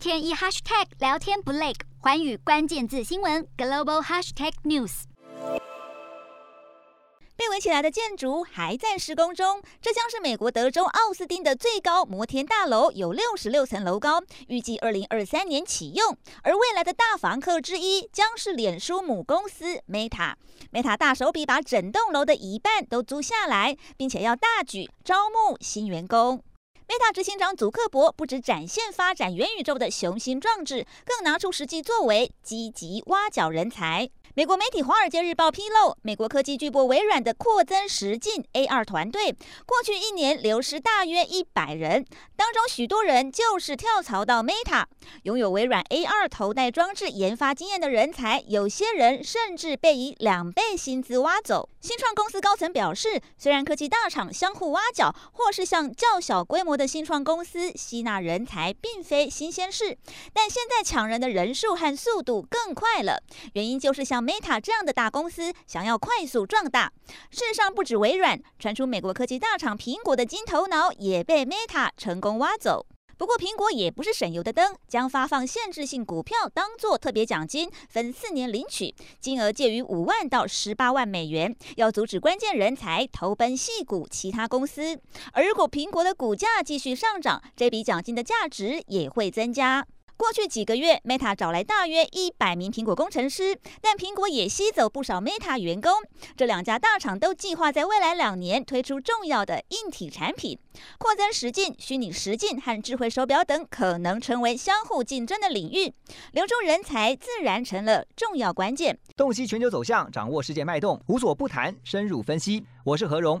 天一 hashtag 聊天不累，寰宇關鍵字新聞 global hashtag news。被圍起來的建築還在施工中，這將是美國德州奧斯汀的最高摩天大樓，有六十六層樓高，預計二零二三年啟用。而未來的大房客之一將是臉書母公司 Meta，Meta Meta 大手筆把整棟樓的一半都租下來，並且要大舉招募新員工。Meta 執行長祖克柏不只展現發展元宇宙的雄心壯志，更拿出實際作為，積極挖角人才。美國媒體《華爾街日報》披露，美國科技巨擘微軟的擴增實境 AR 團隊，過去一年流失大約一百人，當中許多人就是跳槽到 Meta。擁有微軟 AR 頭戴裝置研發經驗的人才，有些人甚至被以兩倍薪資挖走。新創公司高層表示，雖然科技大廠相互挖角，或是向較小規模的新創公司吸納人才，並非新鮮事，但現在搶人的人數和速度更快了。原因就是像 Meta 這樣的大公司想要快速壯大。事實上，不止微軟，傳出美國科技大廠蘋果的金頭腦也被 Meta 成功挖走。不過，蘋果也不是省油的燈，將發放限制性股票當做特別獎金，分四年領取，金額介於五萬到十八萬美元，要阻止關鍵人才投奔矽谷其他公司。而如果蘋果的股價繼續上漲，這筆獎金的價值也會增加。過去幾個月，Meta 找來大約一百名蘋果工程師，但蘋果也吸走不少 Meta 員工。這兩家大廠都計劃在未來兩年推出重要的硬體產品，擴增實境、虛擬實境和智慧手錶等，可能成為相互競爭的領域。留住人才自然成了重要關鍵。洞悉全球走向，掌握世界脈動，無所不談，深入分析。我是何榮。